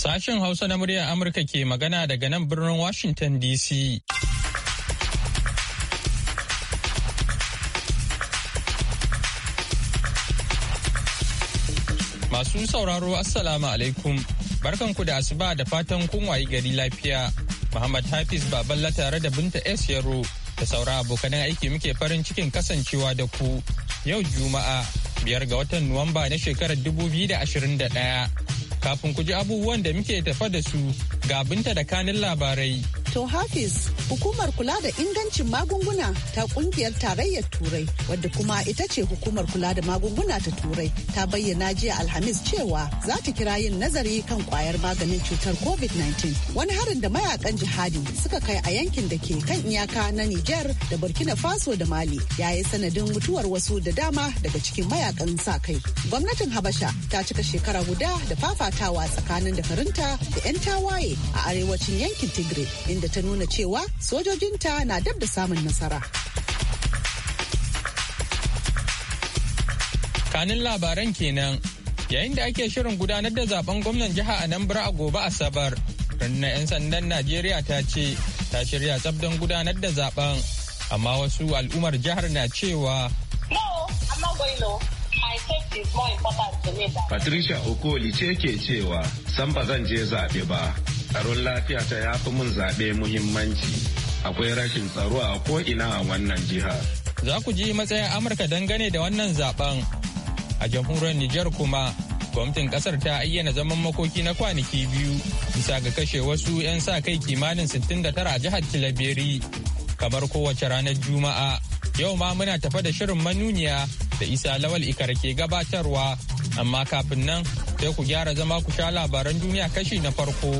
Sashen Hausa na muryar Amurka ke magana daga nan birnin Washington DC. Masu sauraro Assalamu alaikum. Barkanku da asuba da fatan kun wayi gari lafiya. Muhammad Hafiz Baballa tare da Binta S Yaro da saura abokanan aiki muke farin cikin kasancewa da ku. Yau Juma'a biyar ga watan Nuwamba na shekarar 2021. Kafin ku ji abubuwan da muke tafa da su ga binta da kanin labarai. To Hafiz, hukumar kula da ingancin magunguna ta kungiyar tarayyar Turai, wadda kuma ita ce hukumar kula da magunguna ta Turai, ta bayyana jiya Alhamis cewa za ta kira yin nazari kan kwayar maganin cutar COVID-19. Wani harin da mayakan jihadi suka kai a yankin da ke kan iyaka na Nijar da Burkina Faso da Mali ya yi sanadin mutuwar wasu da dama daga cikin mayakan sa kai. Gwamnatin Habasha ta cika shekara guda da fafatawa tsakanin da farinta da 'yan tawaye a arewacin yankin Tigray. inda ta nuna cewa sojojinta na dab da samun nasara. Kanin labaran kenan yayin da ake shirin gudanar da zaben gwamnan jiha a nan a gobe Asabar. Rundunar 'yan sandan Najeriya ta ce ta shirya tsabdan gudanar da zaben amma wasu al'ummar jihar na cewa Patricia Okoli ce ke cewa san ba zan je zaɓe ba tsaron lafiya ta ya fi mun zaɓe muhimmanci akwai rashin tsaro a ko'ina a wannan jiha. Za ku ji matsayin Amurka dangane da wannan zaben a jamhuriyar Nijar kuma gwamnatin kasar ta ayyana zaman makoki na kwanaki biyu bisa ga kashe wasu 'yan sa kai kimanin 69 a jihar Tilaberi kamar kowace ranar Juma'a. Yau ma muna tafa da shirin manuniya da Isa Lawal Ikar ke gabatarwa amma kafin nan sai ku gyara zama ku sha labaran duniya kashi na farko.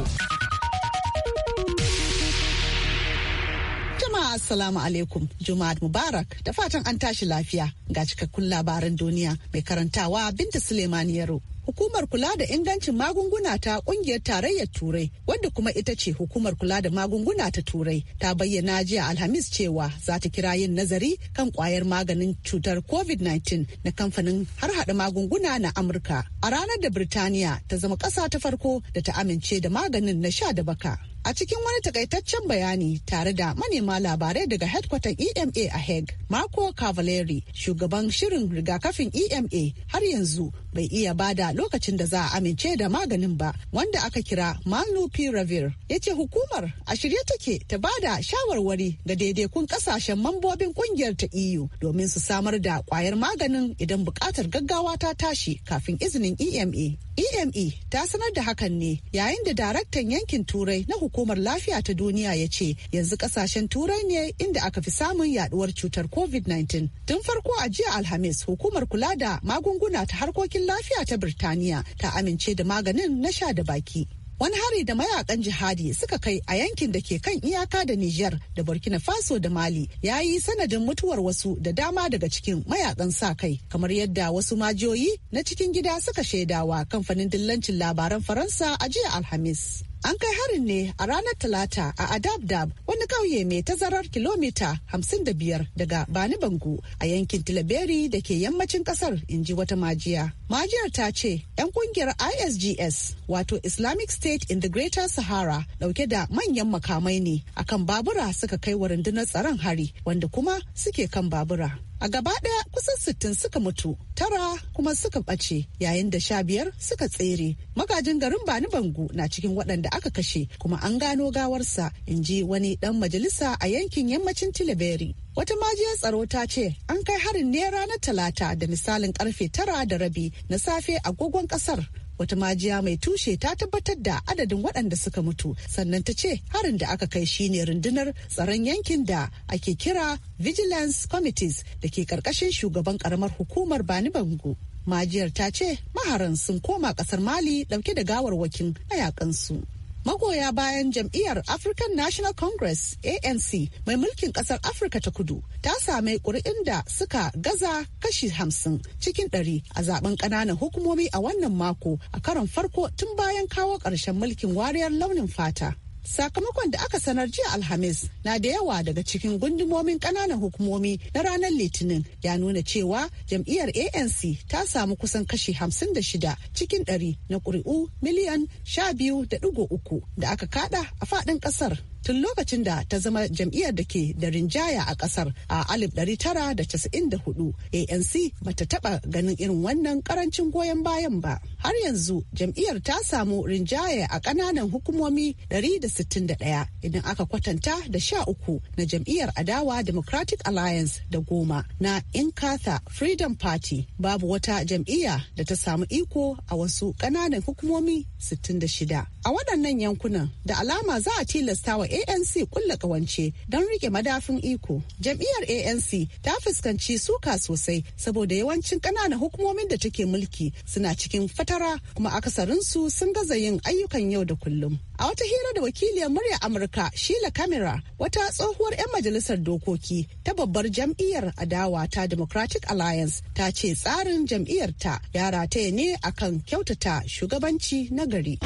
assalamu alaikum Juma'a Mubarak da fatan an tashi lafiya ga cikakkun labaran duniya mai karantawa Binta Suleiman Yaro. hukumar kula da ingancin magunguna ta kungiyar tarayyar turai wadda kuma ita ce hukumar kula da magunguna ta turai ta bayyana jiya alhamis cewa za ta kira yin nazari kan kwayar maganin cutar covid-19 na kamfanin har hada magunguna na amurka a ranar da birtaniya ta zama ƙasa ta farko da ta amince da maganin na sha da baka a cikin wani takaitaccen bayani tare da manema labarai daga headquarter ema a hague marco Cavalleri, shugaban shirin rigakafin ema har yanzu bai iya bada lokacin da za a amince da maganin ba wanda aka kira malnupiravir ya ce hukumar a shirye take ta bada shawarwari ga daidaikun kasashen mambobin kungiyar ta eu domin su samar da kwayar maganin idan bukatar gaggawa ta tashi kafin izinin ema ema ta sanar da hakan ne yayin da daraktan yankin turai na hukumar lafiya ta duniya ya ce yanzu kasashen turai ne inda aka fi samun yaduwar cutar covid-19 tun farko a jiya alhamis hukumar kula da magunguna ta harkokin lafiya ta birtaniya ta amince da maganin na sha da baki wani hari da mayakan jihadi suka kai a yankin da ke kan iyaka da Nijar da Burkina Faso da Mali ya yi sanadin mutuwar wasu da dama daga cikin mayakan sa kai kamar yadda wasu majiyoyi na cikin gida suka shaidawa kamfanin dillancin labaran Faransa a jiya Alhamis. An kai harin ne a ranar Talata a Adabdab wani ƙauye mai tazarar kilomita 55 daga Bani Bangu a yankin Tilaberi da ke yammacin ƙasar inji wata majiya. Majiyar ta ce 'yan kungiyar ISGS wato Islamic State in the Greater Sahara dauke da manyan makamai ne akan babura suka kai wa rundunar tsaron hari wanda kuma suke kan babura. a gaba ɗaya kusan sittin suka mutu tara kuma suka ɓace yayin da sha biyar suka tsere magajin garin bani bangu na cikin waɗanda aka kashe kuma an gano gawarsa in ji wani ɗan majalisa a yankin yammacin tilaberi wata majiyar tsaro ta ce an kai harin ne na talata da misalin karfe tara da rabi na safe a agogon ƙasar. wata majiya mai tushe ta tabbatar da adadin waɗanda suka mutu sannan ta ce harin da aka kai shine rundunar tsaron yankin da ake kira vigilance committees da ke ƙarƙashin shugaban ƙaramar hukumar bani bango majiyar ta ce maharan sun koma ƙasar mali ɗauke da gawarwakin mayakansu. magoya bayan jam'iyyar african national congress anc mai mulkin kasar afirka ta kudu ta same ƙuri'in da suka gaza kashi hamsin cikin ɗari a zaben ƙananan hukumomi a wannan mako a karon farko tun bayan kawo ƙarshen mulkin wariyar launin fata Sakamakon da aka sanar jiya Alhamis na da yawa daga cikin gundumomin ƙananan hukumomi na ranar Litinin ya nuna cewa jam'iyyar ANC ta samu kusan kashi 56 cikin 100 na ƙuri'u miliyan 12.3 da aka kada a faɗin ƙasar. tun lokacin da ta zama jam'iyyar da ke da rinjaya a kasar a 1994 anc bata taba ganin irin wannan karancin goyon bayan ba har yanzu jam'iyyar ta samu rinjaya a kananan hukumomi 161 idan aka kwatanta da sha uku na jam'iyyar adawa democratic alliance da goma na inkatha freedom party babu wata jam'iyya da ta samu iko a wasu kananan hukumomi 66 A waɗannan yankunan da alama za a tilasta wa ANC kulla ƙawance don rike madafin iko. Jam'iyyar ANC ta fuskanci suka sosai saboda yawancin ƙananan hukumomin da take mulki suna cikin fatara kuma akasarinsu sun gaza yin ayyukan yau da kullum. A wata hira da wakiliyar murya Amurka shila Kamira wata tsohuwar 'yan majalisar dokoki ta babbar jam'iyyar adawa ta Democratic Alliance ta ce tsarin jam'iyyar ta ya rataye ne akan kyautata shugabanci na gari.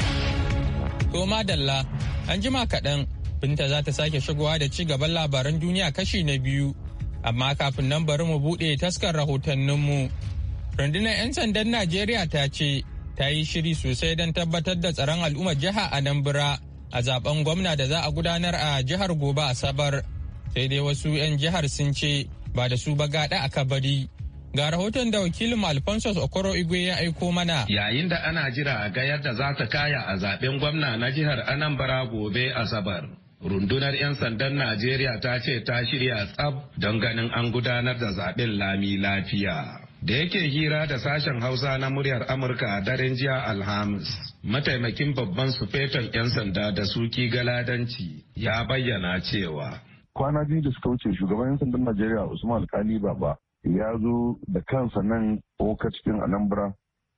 doma madalla, an jima kaɗan, Binta za ta sake shigowa da ci gaban labaran duniya kashi na biyu. Amma kafin nan bari mu buɗe taskar rahotanninmu. Rundunar 'yan sandan Najeriya ta ce, ta yi shiri sosai don tabbatar da tsaron al'umma jiha a Nambura a zaben gwamna da za a gudanar a jihar gobe Asabar. Sai dai wasu 'yan jihar sun ce ba da su ba gaɗa a kabari. Ga rahoton da wakilin Alphonsus Okoro Igwe ya aiko mana. Yayin da ana jira a ga yadda za ta kaya a zaben gwamna na jihar Anambra gobe Asabar. Rundunar 'yan sandan Najeriya ta ce ta shirya tsab don ganin an gudanar da zaben lami lafiya. Da yake hira da sashen Hausa na muryar Amurka a daren jiya Alhamis, mataimakin babban sufetan 'yan sanda da suki galadanci ya bayyana cewa. Kwana biyu da suka wuce shugaban 'yan sandan Najeriya Usman Alkali Baba ya zo da kansa nan oka cikin anambra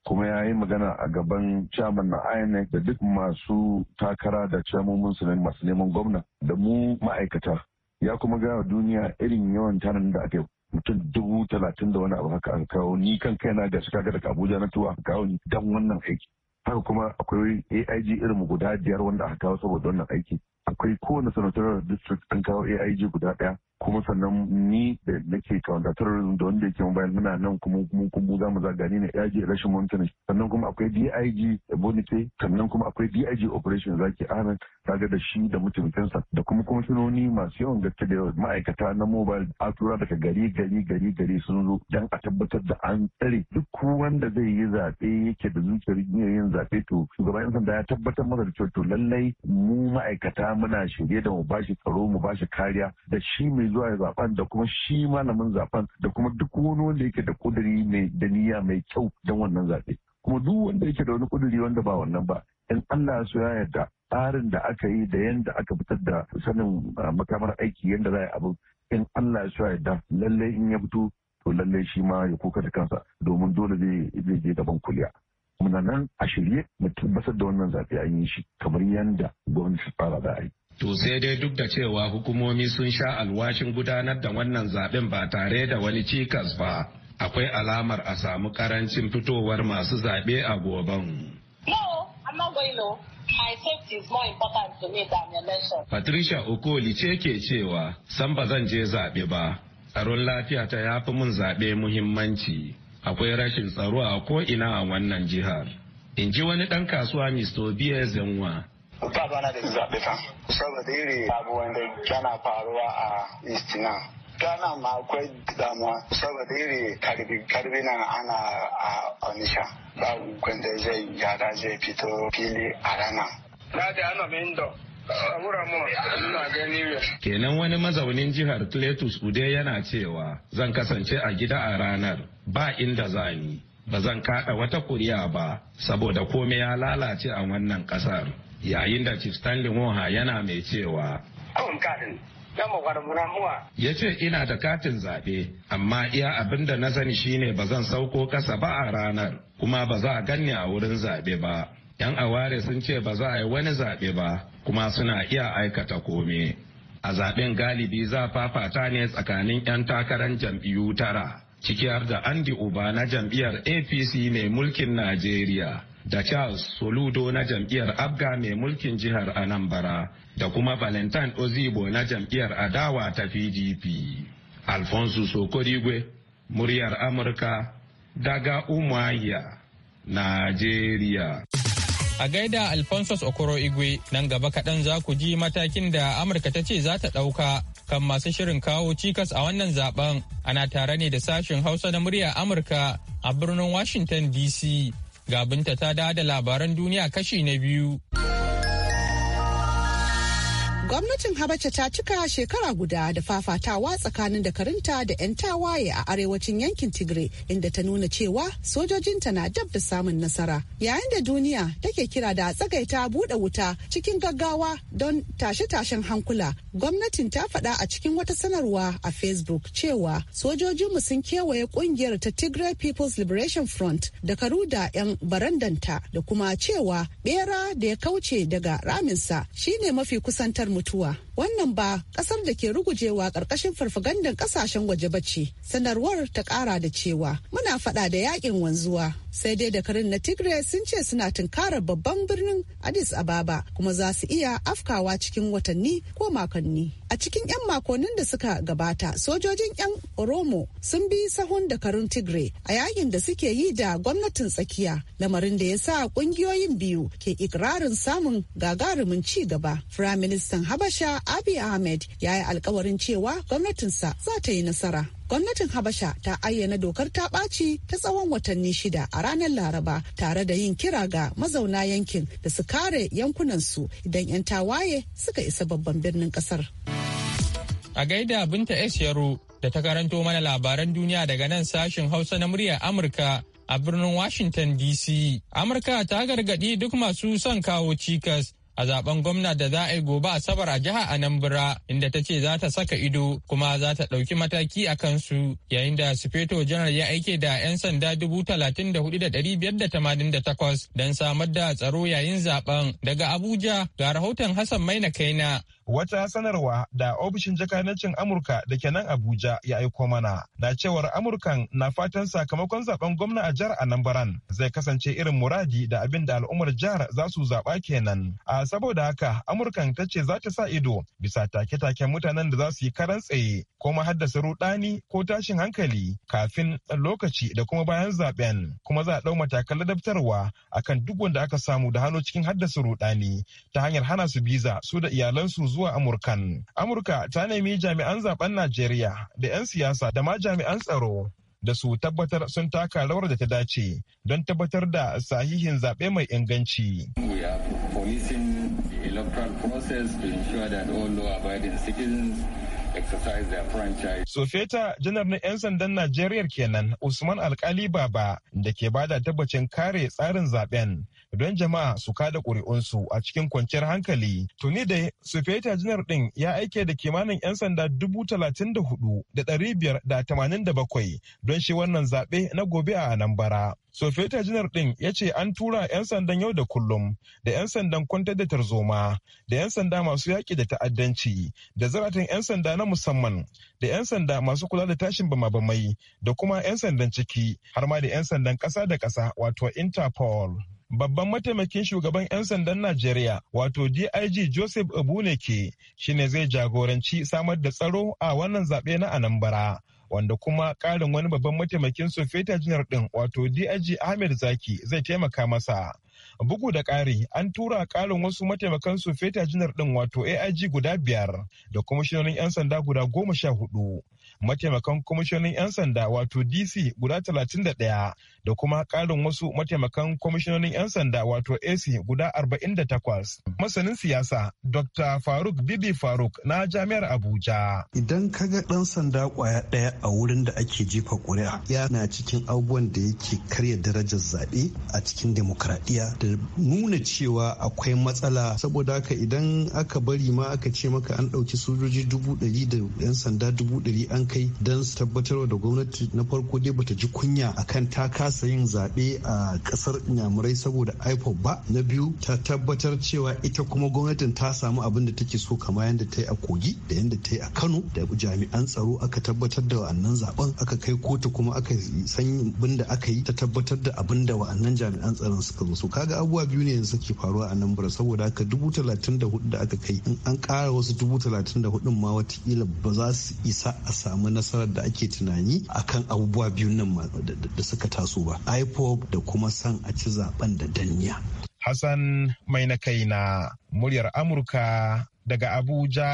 kuma ya yi magana a gaban chairman na inec da duk masu takara da chairman su masu neman gwamna da mu ma'aikata ya kuma gaya duniya irin yawan tarin da aka yi mutum dubu talatin da wani abu haka an kawo ni kan kaina ga shi kaga daga abuja na tuwa A kawo ni dan wannan aiki haka kuma akwai aig irin guda biyar wanda aka kawo saboda wannan aiki akwai kowane sanatar district an kawo aig guda daya kuma sannan ni da nake counter terrorism da wanda yake bayan muna nan kuma kuma za mu zagani na yaji rashin mutane sannan kuma akwai DIG Bonite sannan kuma akwai DIG operation zaki ana kaga da shi da mutumcinsa da kuma kuma kwamishinoni masu yawan gaske da ma'aikata na mobile a tura daga gari gari gari gari sun zo dan a tabbatar da an tsare duk wanda zai yi zaɓe yake da zuciyar yin zaɓe to shugaban yan sanda ya tabbatar masa da cewa to lallai mu ma'aikata muna shirye da mu bashi tsaro mu bashi kariya da shi mai zuwa ya zaben da kuma shi malamin zaben da kuma duk wani wanda yake da kuduri mai da niyya mai kyau don wannan zaɓe kuma duk wanda yake da wani kudiri wanda ba wannan ba in Allah so ya yarda tsarin da aka yi da yanda aka fitar da sanin makamar aiki yanda za a yi abu in Allah so ya yarda lallai in ya fito to lallai shi ma ya kuka da kansa domin dole zai je gaban kuliya. muna nan a shirye mu tabbatar da wannan zaɓe an yi shi kamar yanda gwamnati tsara da aiki. To sai dai duk da cewa hukumomi sun sha alwashin gudanar da wannan zaben ba tare da wani cikas ba, akwai alamar a samu karancin fitowar masu zaɓe a goben. No, Patricia Okoli ce ke cewa, san ba zan je zaɓe ba, tsaron lafiya ta ya fi mun zaɓe muhimmanci. Akwai rashin tsaro a ko'ina a wannan jihar. In ji wani ɗan kasuwa Mr. Obiez Zenwa, ba ba na da zaɓe fa saboda iri abu wanda yana faruwa a east na Ghana ma akwai damuwa saboda iri karbi karbi ana a Onisha ba wanda zai yara zai fito fili a rana. Na da ana mindo Kenan wani mazaunin jihar Cletus Ude yana cewa zan kasance a gida a ranar ba inda za ni. ba zan kada wata kuri'a ba saboda komai ya lalace a wannan kasar yayin da chief stanley moha yana mai cewa ya ce ina da katin zaɓe amma iya abin da na sani shine ba zan sauko ƙasa ba a ranar kuma ba za a ganni a wurin zaɓe ba yan aware sun ce ba za a yi wani zaɓe ba kuma suna iya aikata kome a zaɓen galibi za fafata ne tsakanin 'yan takarar jam'iyyu tara ciki har da Andy Uba na jam'iyyar APC mai mulkin Najeriya da Charles Soludo na jam'iyyar Abga mai mulkin jihar Anambra da kuma Valentine Ozibo na jam'iyyar Adawa ta PDP. Alfonso Sokorigwe, muryar Amurka daga Umuahia, Najeriya. A gaida Alphonsus Okoro Igwe nan gaba kaɗan za ku ji matakin da Amurka ta ce za ta ɗauka kan masu shirin kawo cikas a wannan zaben ana tare ne da sashen hausa na murya amurka a birnin washington dc ga Binta ta da labaran duniya kashi na biyu. Gwamnatin Habasha ta cika shekara guda da fafatawa tsakanin dakarunta da 'yan tawaye a arewacin yankin tigre inda ta nuna cewa sojojinta na dab da samun nasara. Yayin da duniya take kira da tsagaita buɗe wuta cikin gaggawa don tashe-tashen hankula, gwamnatin ta faɗa a cikin wata sanarwa a Facebook cewa sojojinmu sun kewaye ƙungiyar ta Tigray People's Liberation Front da karu da 'yan barandanta da kuma cewa bera da ya kauce daga raminsa shine mafi kusantar mutuwa wannan ba kasar da ke rugujewa karkashin farfagandan kasashen waje ba ce. sanarwar ta kara da cewa muna fada da yakin wanzuwa sai dai da karin na tigray sun ce suna tunkarar babban birnin addis ababa kuma za su iya afkawa cikin watanni ko makonni a cikin 'yan makonnin da suka gabata sojojin 'yan oromo sun bi sahun da karin tigray a yakin da suke yi da gwamnatin tsakiya lamarin da ya sa kungiyoyin biyu ke ikirarin samun gagarumin ci gaba firaministan habasha Abiy Ahmed ya yi alkawarin cewa gwamnatinsa za ta yi nasara. gwamnatin habasha ta ayyana dokar ta ɓaci ta tsawon watanni shida a ranar laraba tare da yin kira ga mazauna yankin da su kare yankunansu idan 'yan tawaye suka isa babban birnin kasar a gaida binta s da ta karanto mana labaran duniya daga nan sashin hausa na muryar amurka a birnin washington dc amurka ta gargaɗi duk masu son kawo cikas a zaben gwamna da za a yi gobe asabar a jihar anambra inda ta ce za ta saka ido kuma za ta ɗauki mataki a kansu yayin da sufeto janar ya aike da 'yan sanda dubu talatin da hudu da dari biyar da tamanin da takwas don samar da tsaro yayin zaben daga abuja ga rahoton hassan maina kaina Wata sanarwa da ofishin jakadancin Amurka da ke nan Abuja ya aiko mana na cewar Amurkan na fatan sakamakon zaben gwamna a jihar Anambaran zai kasance irin muradi da abin da al'ummar jihar za su zaɓa kenan. A saboda haka Amurkan ta ce za ta sa ido bisa take-taken mutanen da za su yi karan tsaye ko ma haddasa rudani ko tashin hankali kafin lokaci da kuma bayan zaben kuma za a ɗau matakan ladabtarwa akan duk wanda aka samu da hannu cikin haddasa rudani ta hanyar hana su biza su da iyalansu zuwa Amurkan. Amurka ta nemi jami'an zaben Najeriya da 'yan siyasa da ma jami'an tsaro da su tabbatar sun taka rawar da ta dace don tabbatar da sahihin zaɓe mai inganci. Sofeta janar na 'yan sandan Najeriya kenan Usman Alkali Baba da ke bada tabbacin kare tsarin zaben don jama'a su kada ƙuri'unsu a cikin kwanciyar hankali. Tuni dai Sufeta Jinar ɗin ya aike da kimanin 'yan sanda dubu talatin da hudu da ɗari biyar da tamanin da bakwai don shi wannan zaɓe na gobe a Anambra. Sufeta Jinar ɗin ya ce an tura 'yan sandan yau da kullum da 'yan sandan kwantar da tarzoma da 'yan sanda masu yaƙi da ta'addanci da zaratan 'yan sanda na musamman da 'yan sanda masu kula da tashin bama-bamai da kuma 'yan sandan ciki har ma da 'yan sandan ƙasa da ƙasa wato Interpol. babban mataimakin shugaban 'yan sandan Najeriya wato DIG Joseph shi shine zai jagoranci samar da tsaro a wannan zaɓe na Anambra. Wanda kuma ƙarin wani babban mataimakin sofeta jinar ɗin wato DIG Ahmed Zaki zai taimaka masa. Bugu da ƙari an tura ƙarin wasu mataimakan sofeta jinar ɗin wato AIG guda biyar da kwamishinan 'yan sanda guda goma sha hudu. Mataimakan kwamishinan 'yan sanda wato DC guda talatin da ɗaya da kuma ƙarin wasu mataimakan kwamishinonin 'yan sanda wato AC guda 48. Masanin siyasa Dr. Faruk Bibi Faruk na Jami'ar Abuja. Idan ka ga ɗan sanda kwaya ɗaya a wurin da ake jefa ƙuri'a na cikin abubuwan da yake karya darajar zaɓe a cikin demokradiyya da nuna cewa akwai matsala saboda haka idan aka bari ma aka ce maka an ɗauki sojoji dubu ɗari da 'yan sanda dubu ɗari an kai don tabbatarwa da gwamnati na farko dai bata ji kunya akan ta kasa kasa yin zaɓe a ƙasar inyamurai saboda ipob ba na biyu ta tabbatar cewa ita kuma gwamnatin ta samu abin da take so kama yadda ta yi a kogi da yadda ta yi a kano da jami'an tsaro aka tabbatar da wa'annan zaben aka kai kotu kuma aka san abin da aka yi ta tabbatar da abin da wa'annan jami'an tsaron suka zo so kaga abubuwa biyu ne yanzu suke faruwa a nan bura saboda haka dubu talatin da hudu da aka kai in an kara wasu dubu talatin da hudun ma watakila ba za su isa a samu nasarar da ake tunani akan abubuwa biyun nan da suka taso ba ipob da kuma san a ci zaben da danya. hassan mai na kai na muryar amurka daga abuja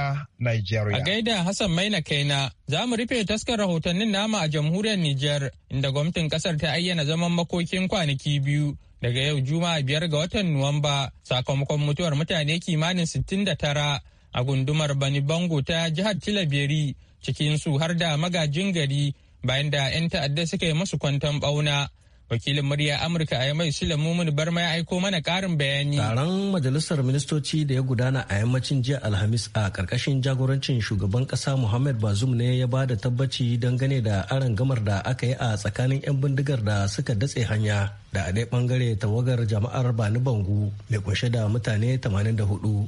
nigeria a gaida hassan mai na kai na za mu rufe taskar rahotannin nama a jamhuriyar Nijar, inda gwamnatin kasar ta ayyana zaman makokin kwanaki biyu daga yau juma'a biyar ga watan nuwamba sakamakon mutuwar mutane kimanin sittin da tara a gundumar bani bango ta jihar tilaberi cikin su har da magajin gari bayan da 'yan ta'adda suka yi musu kwanton bauna wakilin murya amurka a yamai sulamumin barma ya aiko mana karin bayani taron majalisar ministoci da ya gudana a yammacin jiya alhamis a karkashin jagorancin shugaban kasa muhammad bazum ne ya ba da tabbaci dangane da aron gamar da aka yi a tsakanin 'yan bindigar da suka datse hanya da a ɗaya bangare tawagar jama'ar bani bangu mai kunshe da mutane 84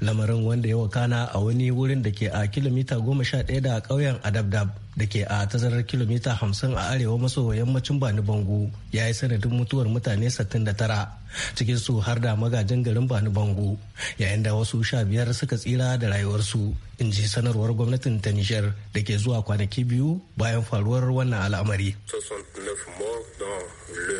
lamarin wanda ya wakana a wani wurin da ke a kilomita goma sha ɗaya da ƙauyen adabdab da ke a tazarar kilomita hamsin a arewa maso yammacin bani bangu ya yi sanadin mutuwar mutane sittin da tara cikin su har da magajin garin bani bangu yayin da wasu sha biyar suka tsira da rayuwarsu in ji sanarwar gwamnatin ta nishar da ke zuwa kwanaki biyu bayan faruwar wannan al'amari.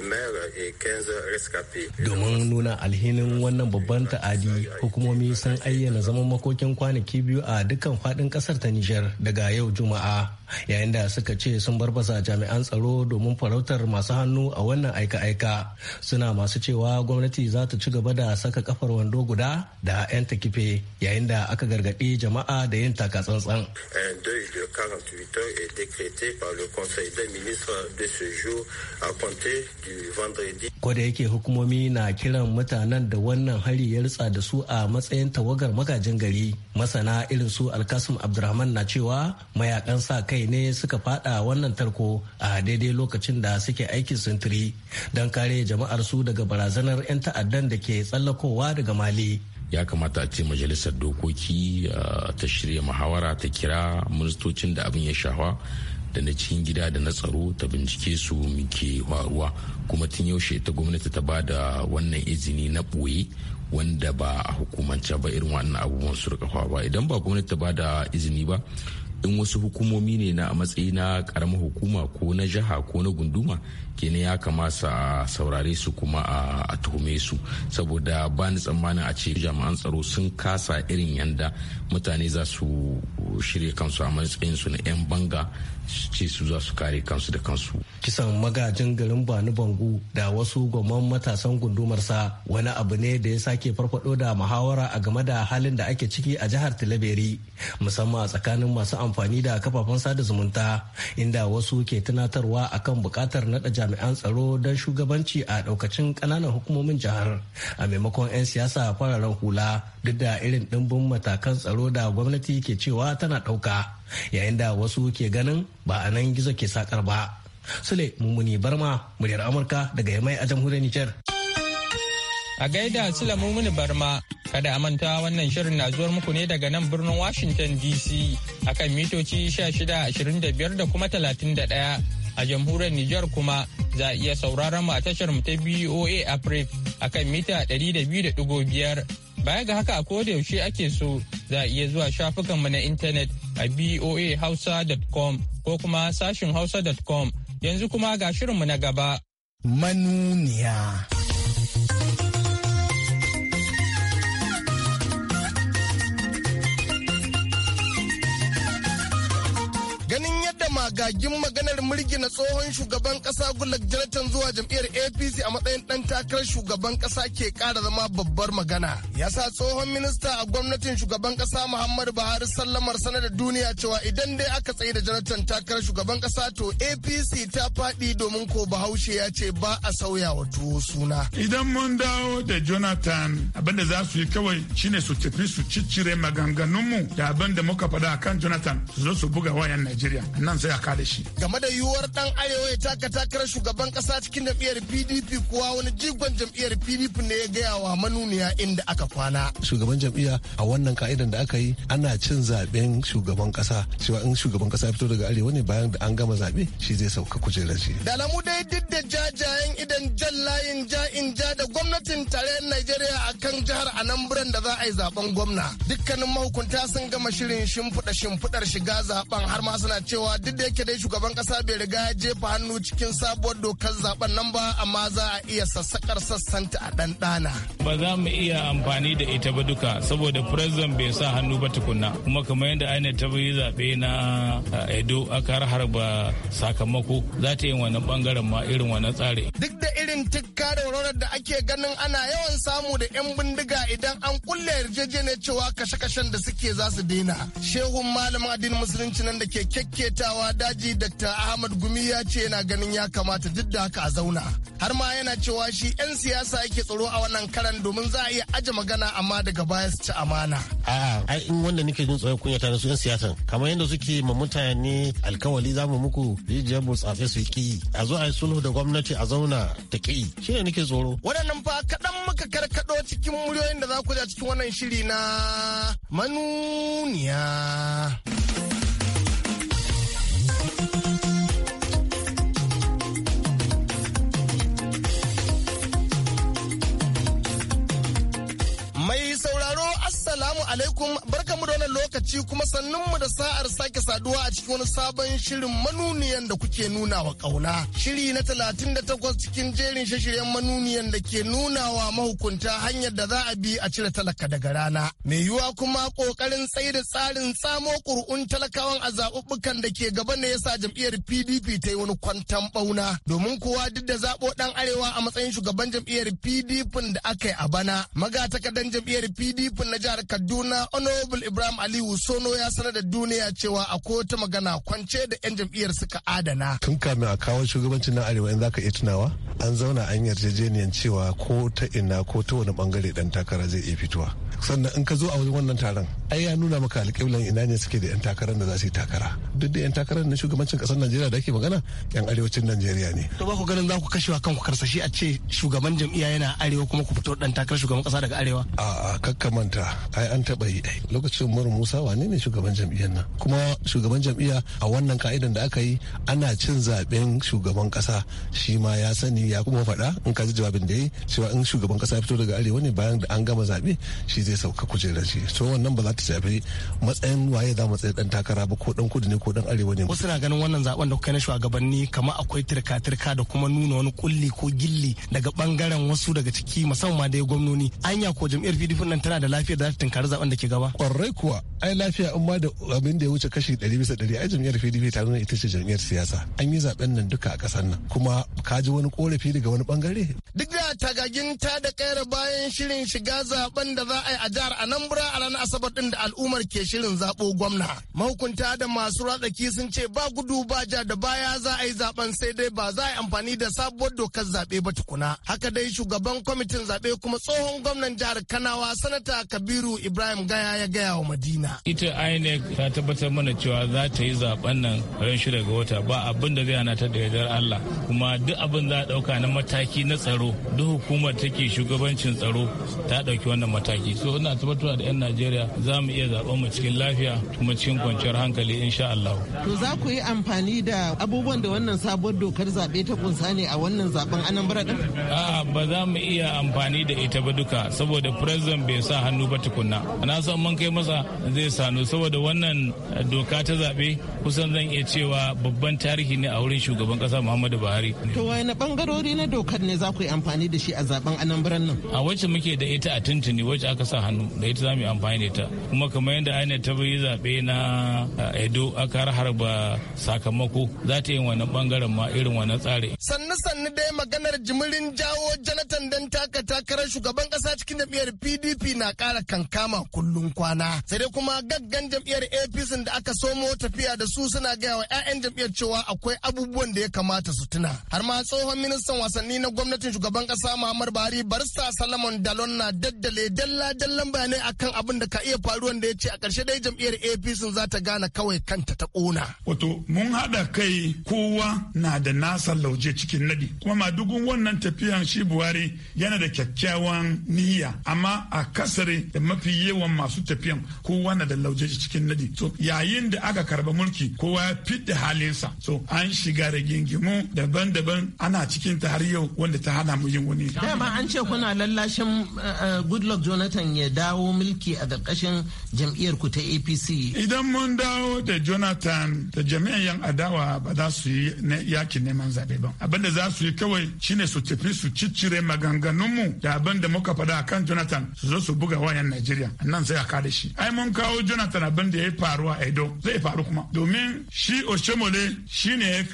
Eh, Domin nuna alhinin wannan babban ta'adi hukumomi sun ayyana zaman makokin kwanaki biyu a dukkan faɗin ƙasar ta Nijar daga yau Juma'a. yayin da suka ce sun barbasa jami'an tsaro domin farautar masu hannu a wannan aika-aika suna masu cewa gwamnati za ta ci gaba da saka kafar wando guda da 'yan takife yayin da aka gargaɗi jama'a da yin takatsantsan. Ko da yake hukumomi na kiran mutanen da wannan hari ya ritsa da su a matsayin tawagar magajin gari masana irin su alkasim abdurrahman na cewa mayakan sa kai kai ne suka fada wannan tarko a daidai lokacin da suke aikin sintiri don kare jama'ar su daga barazanar 'yan ta'addan da ke tsallakowa daga mali ya kamata a ce majalisar dokoki ta shirya muhawara ta kira ministocin da abin ya shafa da na cikin gida da na tsaro ta bincike su muke faruwa kuma tun yaushe ta gwamnati ta ba da wannan izini na ɓoye wanda ba a hukumance ba irin wannan abubuwan su rika ba idan ba gwamnati ta ba da izini ba in wasu hukumomi ne na matsayi na karamar hukuma ko na jiha ko na gunduma kenan ya kamata a saurare su kuma a tuhume su saboda ba ni tsammanin a ce jami'an tsaro sun kasa irin yanda mutane za su shirya kansu a matsayin su na 'yan banga ce su za su kare kansu da kansu kisan magajin garin bani bangu da wasu gwamman matasan gundumar sa wani abu ne da ya sake farfado da muhawara a game da halin da ake ciki a jihar tilaberi musamman a tsakanin masu amfani da kafafen sada zumunta inda wasu ke tunatarwa akan bukatar nada jami'an tsaro don shugabanci a daukacin ƙananan hukumomin jihar a maimakon 'yan siyasa fararen hula duk da irin ɗimbin matakan tsaro da gwamnati ke cewa tana ɗauka yayin da wasu ke ganin ba a nan gizo ke sakar ba. Sule mummuni Barma, muryar Amurka daga Yamai a jamhuriyar Nijar. A gaida Sule mummuni Barma, kada a manta wannan shirin na zuwar muku ne daga nan birnin Washington DC akan mitoci 25 da kuma 31. a jamhuriyar Nijar kuma za a iya sauraron mu a tashar mu ta BOA Africa akan mita 200.5 baya ga haka a koda yaushe ake so za a iya zuwa shafukan mu na intanet a boahausa.com ko kuma sashin hausa.com yanzu kuma ga shirin mu na gaba manuniya magagin maganar na tsohon shugaban kasa Goodluck Jonathan zuwa jam'iyyar APC a matsayin dan takarar shugaban kasa ke kara zama babbar magana. Ya sa tsohon minista a gwamnatin shugaban kasa Muhammadu Buhari sallamar sanar da duniya cewa idan dai aka tsaye da Jonathan takarar shugaban kasa to APC ta faɗi domin ko Bahaushe ya ce ba a sauya wa tuwo suna. Idan mun dawo da Jonathan abinda za su yi kawai shine su tafi su ciccire mu da abin da muka faɗa kan Jonathan su zo su buga wayan Najeriya. Nan sai iyaka da shi game da yiwuwar dan arewa ya taka takarar shugaban kasa cikin jam'iyyar pdp kuwa wani jigon jam'iyyar pdp ne ya gaya wa manuniya inda aka kwana shugaban jam'iyya a wannan ka'idan da aka yi ana cin zaben shugaban kasa cewa in shugaban kasa fito daga arewa ne bayan da an gama zaɓe shi zai sauka kujerar shi da lamu dai duk da jajayen idan jan layin ja'in ja da gwamnatin tarayyar Najeriya a kan jihar Anambra da za a yi zaben gwamna. Dukkanin mahukunta sun gama shirin shimfiɗa shimfiɗar shiga zaben har ma suna cewa duk da yake dai shugaban kasa bai riga ya jefa hannu cikin sabuwar dokar zaben nan ba amma za a iya sassakar sassanta a ɗanɗana. Ba za mu iya amfani da ita ba duka saboda president bai sa hannu ba tukunna kuma kamar yadda aina ta yi zaɓe na eh, Edo aka har harba sakamako za ta yi wannan ɓangaren ma irin tsari. Duk da irin tikka da da ake ganin ana yawan samu da 'yan bindiga idan an kulle yarjejeniyar cewa kashe-kashen da suke za su daina. Shehun malamin addinin musulunci nan da ke kyakketawa daji Dr. Ahmad Gumi ya ce yana ganin ya kamata duk da haka a zauna. Har ma yana cewa shi 'yan siyasa yake tsaro a wannan karan domin za a iya aje magana amma daga baya su ci amana. a'a in wanda nake jin tsoron kunya ta su yan siyasan kamar yadda suke ma mutane alkawali zamu muku rijiyar burtsatse su ki a zo a yi sulhu da gwamnati a zauna ta ki shi ne nake tsoro Wadannan fa kaɗan muka karkaɗo cikin muryoyin da za ku ja cikin wannan shiri na manuniya. alaikum barkamu da wannan lokaci kuma sannin mu da sa'ar sake saduwa a cikin wani sabon shirin manuniyan da kuke nuna wa kauna. Shiri na talatin da takwas cikin jerin shashiryan manuniyan da ke nuna wa mahukunta hanyar da za a bi a cire talaka daga rana. Mai yiwuwa kuma kokarin tsaye da tsarin samo kur'un talakawan a zaɓuɓɓukan da ke gaba ne yasa jam'iyyar PDP ta yi wani kwantan bauna domin kuwa duk da zaɓo ɗan arewa a matsayin shugaban jam'iyyar PDP da aka yi a bana magatakadan jam'iyyar PDP na jihar Kaduna kaduna honorable ibrahim aliyu sono ya sanar da duniya cewa a ta magana kwance da 'yan jam'iyyar suka adana tun kamin a kawo shugabancin na arewa in zaka iya tunawa an zauna an yarjejeniyar cewa ko ta ina ko ta wani bangare dan takara zai iya fitowa sannan in ka zo a wajen wannan taron ai ya nuna maka alƙiblan ina ne suke da 'yan takarar da za su yi takara duk da 'yan takarar na shugabancin ƙasar najeriya da ake magana 'yan arewacin najeriya ne to ba ku ganin za ku kashewa kanku karsashi a ce shugaban jam'iyya yana arewa kuma ku fito dan takarar shugaban ƙasa daga arewa a'a kakkamanta ai an taɓa yi lokacin umar musa wane ne shugaban jam'iyyar nan kuma shugaban jam'iyya a wannan ka'idan da aka yi ana cin zaben shugaban kasa shi ma ya sani ya kuma faɗa in ka ji jawabin da ya yi cewa in shugaban kasa fito daga arewa ne bayan da an gama zaɓe shi zai sauka kujerar shi to wannan ba za ta shafi matsayin waye za matsayin dan takara ba ko dan kudu ne ko dan arewa ne wasu na ganin wannan zaben da kuka na shugabanni kamar akwai turka-turka da kuma nuna wani kulli ko gilli daga bangaren wasu daga ciki musamman da ya gwamnoni anya ko jam'iyyar pdp nan tana da lafiyar da za ta tunkari zaben da ke gaba kwarai kuwa ai lafiya amma da abin da ya wuce kashi 100 bisa 100 ai jam'iyyar PDP ta nuna ita ce jam'iyyar siyasa an yi zaben nan duka a ƙasar nan kuma ka ji wani korafi daga wani bangare duk tagagin ta da kayar bayan shirin shiga zaben da za a yi a jihar Anambra a ranar Asabar din da al'ummar ke shirin zabo gwamna. Mahukunta da masu ratsaki sun ce ba gudu ba ja da baya za a yi zaben sai dai ba za a yi amfani da sabuwar dokar zaɓe ba tukuna. Haka dai shugaban kwamitin zaɓe kuma tsohon gwamnan jihar Kanawa sanata Kabiru Ibrahim Gaya ya gaya wa Madina. Ita INEC ta tabbatar mana cewa za ta yi zaben nan ran shi ga wata ba abin da zai hana ta da yardar Allah kuma duk abin za a ɗauka na mataki na tsaro duk hukumar take shugabancin tsaro ta ɗauki wannan mataki so ina tabbatar da 'yan najeriya za mu iya zaɓen mu cikin lafiya kuma cikin kwanciyar hankali insha Allah. to za ku yi amfani da abubuwan da wannan sabuwar dokar zaɓe ta kunsa ne a wannan zaɓen anambra ɗin. a'a ba za mu iya amfani da ita ba duka saboda president bai sa hannu ba tukunna na san mun kai masa zai sanu saboda wannan doka ta zaɓe kusan zan iya cewa babban tarihi ne a wurin shugaban ƙasa muhammadu buhari. to wani bangarori na dokar ne za ku yi amfani amfani da shi a zaben anambaran nan a wacce muke da ita a tuntuni wacce aka sa hannu da ita za mu yi amfani da ita kuma kamar yadda aina ta yi zaɓe na edo aka harba sakamako za ta yi wani bangaren ma irin wani tsari sannu sannu dai maganar jimirin jawo janatan dan taka takarar shugaban kasa cikin jam'iyyar pdp na ƙara kankama kullum kwana sai dai kuma gaggan jam'iyyar apc da aka somo tafiya da su suna gaya wa 'ya'yan jam'iyyar cewa akwai abubuwan da ya kamata su tuna har ma tsohon ministan wasanni na gwamnatin shugaban kasa ƙasa Muhammad Buhari barista Salomon Dalon na daddale dalla-dallan bayanai akan abin da ka iya faruwan da ya ce a ƙarshe dai jam'iyyar APC za ta gane kawai kanta ta ƙona. Wato mun haɗa kai kowa na da nasa lauje cikin naɗi kuma ma madugun wannan tafiyan shi Buhari yana da kyakkyawan niyya amma a kasare da mafi yawan masu tafiyan kowa na da lauje cikin naɗi. So yayin da aka karba mulki kowa ya fidda halinsa. So an shiga da gingimu daban-daban ana cikin ta har yau wanda ta hana mu yin wani dama an ce kuna lallashin eh, eh, goodluck jonathan ya dawo mulki a ƙarƙashin jam'iyyar ku ta apc idan mun dawo da jonathan da jami'an yan adawa ba za su yi yakin neman zaɓe ba abinda za su yi kawai shine su tafi su ciccire maganganunmu da abin da muka faɗa akan jonathan su zo su buga wayan najeriya nan sai a kada shi ai mun kawo jonathan abin da ya faru a edo zai faru kuma domin shi oshemole shine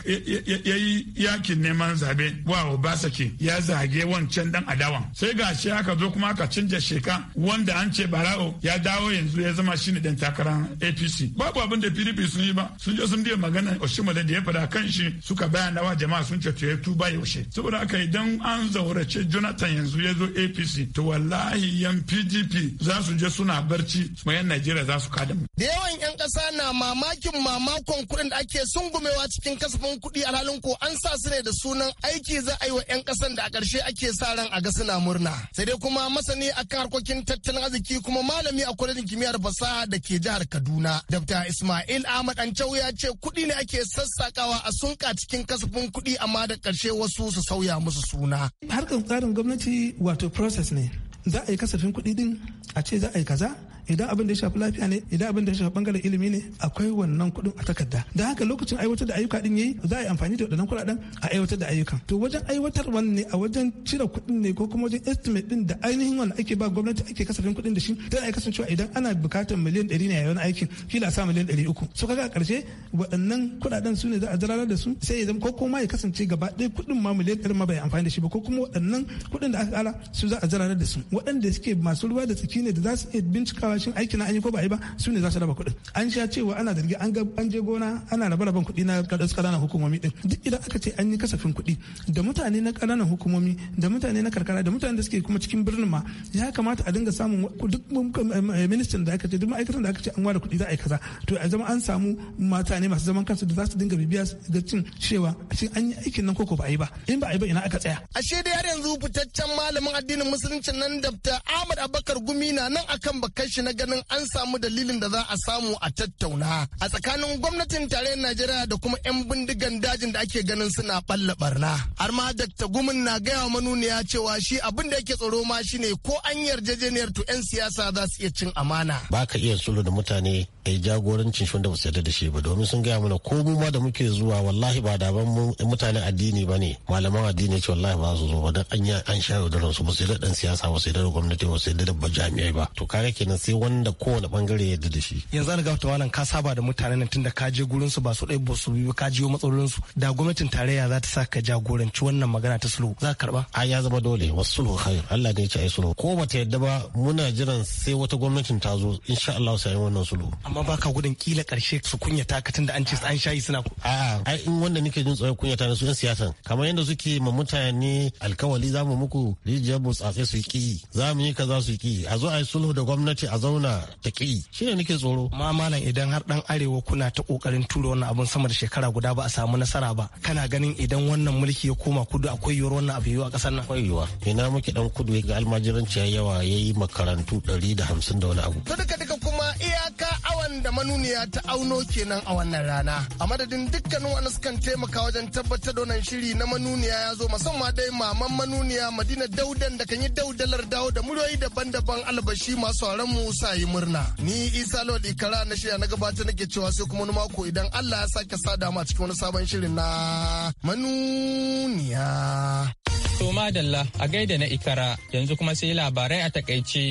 ya yi yakin neman zaɓe wa obasake ya zage ne wancan dan adawan sai ga shi aka zo kuma aka canja sheka wanda an ce barao ya dawo yanzu ya zama shine dan takarar apc babu abin da pdp sun yi ba sun je sun biya magana oshimale da ya fada kan shi suka bayyana wa jama'a sun ce to ya tuba yaushe saboda haka idan an zaurace jonathan yanzu ya zo apc to wallahi yan pdp za su je suna barci kuma yan najeriya za su kada mu da yawan yan kasa na mamakin mamakon kuɗin da ake sungumewa cikin kasafin kuɗi alhalin ko an sa su ne da sunan aiki za a yi wa yan kasan da a ƙarshe ake sa ran a ga suna murna. Sai dai kuma masani akan harkokin tattalin arziki kuma malami a kwalejin kimiyyar fasaha da ke jihar Kaduna. Dr. Ismail Ahmad Ancau ya ce kuɗi ne ake sassakawa a sunka cikin kasafin kuɗi amma da ƙarshe wasu su sauya musu suna. Harkar tsarin gwamnati wato process ne. Za a yi kasafin kuɗi din a ce za a yi kaza idan abin da ya shafi lafiya ne idan abin da ya shafi bangaren ilimi ne akwai wannan kuɗin a takarda da haka lokacin aiwatar da ayyuka din yayi za a yi amfani da waɗannan kuɗaɗen a aiwatar da ayyukan to wajen aiwatar ne a wajen cire kuɗin ne ko kuma wajen estimate din da ainihin wannan ake ba gwamnati ake kasafin kuɗin da shi ta da kasancewa idan ana bukatar miliyan ɗari ne a yawan aikin kila sa miliyan ɗari uku so kaga a ƙarshe waɗannan kuɗaɗen su ne za a zararar da su sai ya zama ko kuma ya kasance gaba ɗaya kuɗin ma miliyan ɗari ma bai amfani da shi ba ko kuma waɗannan kuɗin da aka ƙara su za a zararar da su waɗanda suke masu ruwa da tsaki ne da za su iya bincikawa dubawa shin aikin an yi ko ba yi ba su ne za su raba kuɗin an sha cewa ana zargi an ga an je gona ana raba raban kuɗi na ƙananan hukumomi din duk idan aka ce an yi kasafin kuɗi da mutane na ƙananan hukumomi da mutane na karkara da mutane da suke kuma cikin birnin ma ya kamata a dinga samun duk ministan da aka ce duk ma'aikatan da aka ce an ware kuɗi za a yi kaza to a zama an samu mutane masu zaman kansu da za su dinga bibiya ga cin cewa shin an yi aikin nan koko ba a yi ba in ba a yi ba ina aka tsaya ashe da har yanzu fitaccen malamin addinin musuluncin nan dr ahmad abakar gumi na nan akan bakashin na ganin an samu dalilin da za a samu a tattauna a tsakanin gwamnatin tarayyar Najeriya da kuma 'yan bindigan dajin da ake ganin suna balla barna. Har ma Dr. Gumin na gaya manuniya cewa shi abin da yake tsoro ma shine ko an yarjejeniyar to 'yan siyasa za su iya cin amana. Baka iya sulhu da mutane a eh, yi jagorancin shi wanda ba su yarda da shi ba domin sun gaya mana ko mu ma da muke zuwa wallahi ba da ban mutanen addini ba ne malaman addini ce wallahi ba su zo ba dan an an sha yaudaran su ba su yarda dan siyasa ba su yarda da gwamnati ba su yarda da jami'ai ba to kaga kenan sai wanda kowane bangare yarda da shi yanzu an ga tawalan ka saba da mutanen nan tunda ka je gurin su ba su dai ba su biyu ka je matsalolin su da gwamnatin tarayya za ta sa ka jagoranci wannan magana ta sulhu za ka karba a ya zama dole wasu sulhu khair Allah ne ya ce ai sulhu ko ba ta yarda ba muna jiran sai wata gwamnatin ta zo insha Allah sai wannan sulhu amma baka gudun kila karshe su kunyata ka tunda an ce an shayi suna ku ai in wanda nake jin tsoron kunyata na su yan siyasa kamar yadda suke ma mutane alkawali za mu muku rijiyar burtsatse su ki za mu yi kaza su ki a zo a yi sulhu da gwamnati a zauna ta ki shine nake tsoro ma malam idan har dan arewa kuna ta kokarin tura wannan abun sama da shekara guda ba a samu nasara ba kana ganin idan wannan mulki ya koma kudu akwai yiwuwar wannan abu yiwu a kasar nan akwai ina muke dan kudu ga almajiranci yawa yayi makarantu ɗari da hamsin da wani abu duka duka kuma iyaka abubuwan da manuniya ta auno kenan a wannan rana a madadin dukkanin wani sukan taimaka wajen tabbatar da wannan shiri na manuniya ya zo musamman dai maman manuniya madina daudan da kan yi daudalar dawo da muryoyi daban-daban albashi masu sauran mu sa yi murna ni isa lodi kara na shirya na gabata nake cewa sai kuma wani mako idan allah ya sake sa dama a cikin wani sabon shirin na manuniya to madalla a gaida na ikara yanzu kuma sai labarai a takaice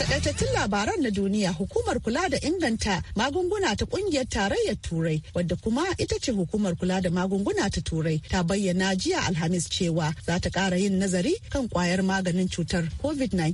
takaitattun labaran na duniya hukumar kula da inganta magunguna ta kungiyar tarayyar turai wadda kuma ita ce hukumar kula da magunguna ta turai ta bayyana jiya alhamis cewa za ta kara yin nazari kan kwayar maganin cutar covid-19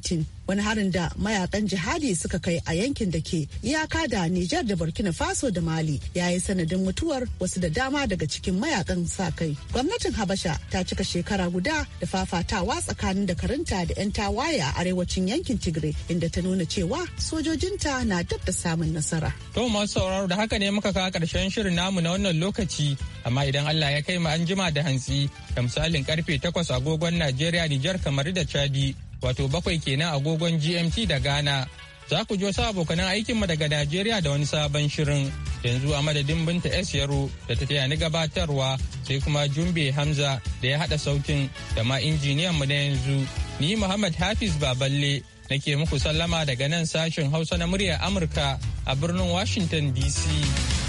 wani harin da mayakan jihadi suka kai a yankin da ke iyaka da Nijar da Burkina Faso da Mali ya yi sanadin mutuwar wasu da dama daga cikin mayakan sa kai. Gwamnatin Habasha ta cika shekara guda da fafatawa tsakanin da karinta da 'yan tawaye a arewacin yankin Tigray inda ta nuna cewa sojojinta na dab da samun nasara. To masu sauraro da haka ne muka kawo karshen shirin namu na wannan lokaci amma idan Allah ya kai mu an jima da hantsi da misalin karfe 8 agogon Najeriya Nijar kamar da Chadi wato bakwai kenan agogon GMT da Ghana. Za ku ji wasu abokanan aikinmu daga Najeriya da wani sabon shirin yanzu a madadin Binta S Yaro da ta taya ni gabatarwa sai kuma Jumbe Hamza da ya haɗa sautin da ma injiniyan mu na yanzu. Ni Muhammad Hafiz Baballe nake muku sallama daga nan sashen Hausa na muryar Amurka a birnin Washington DC.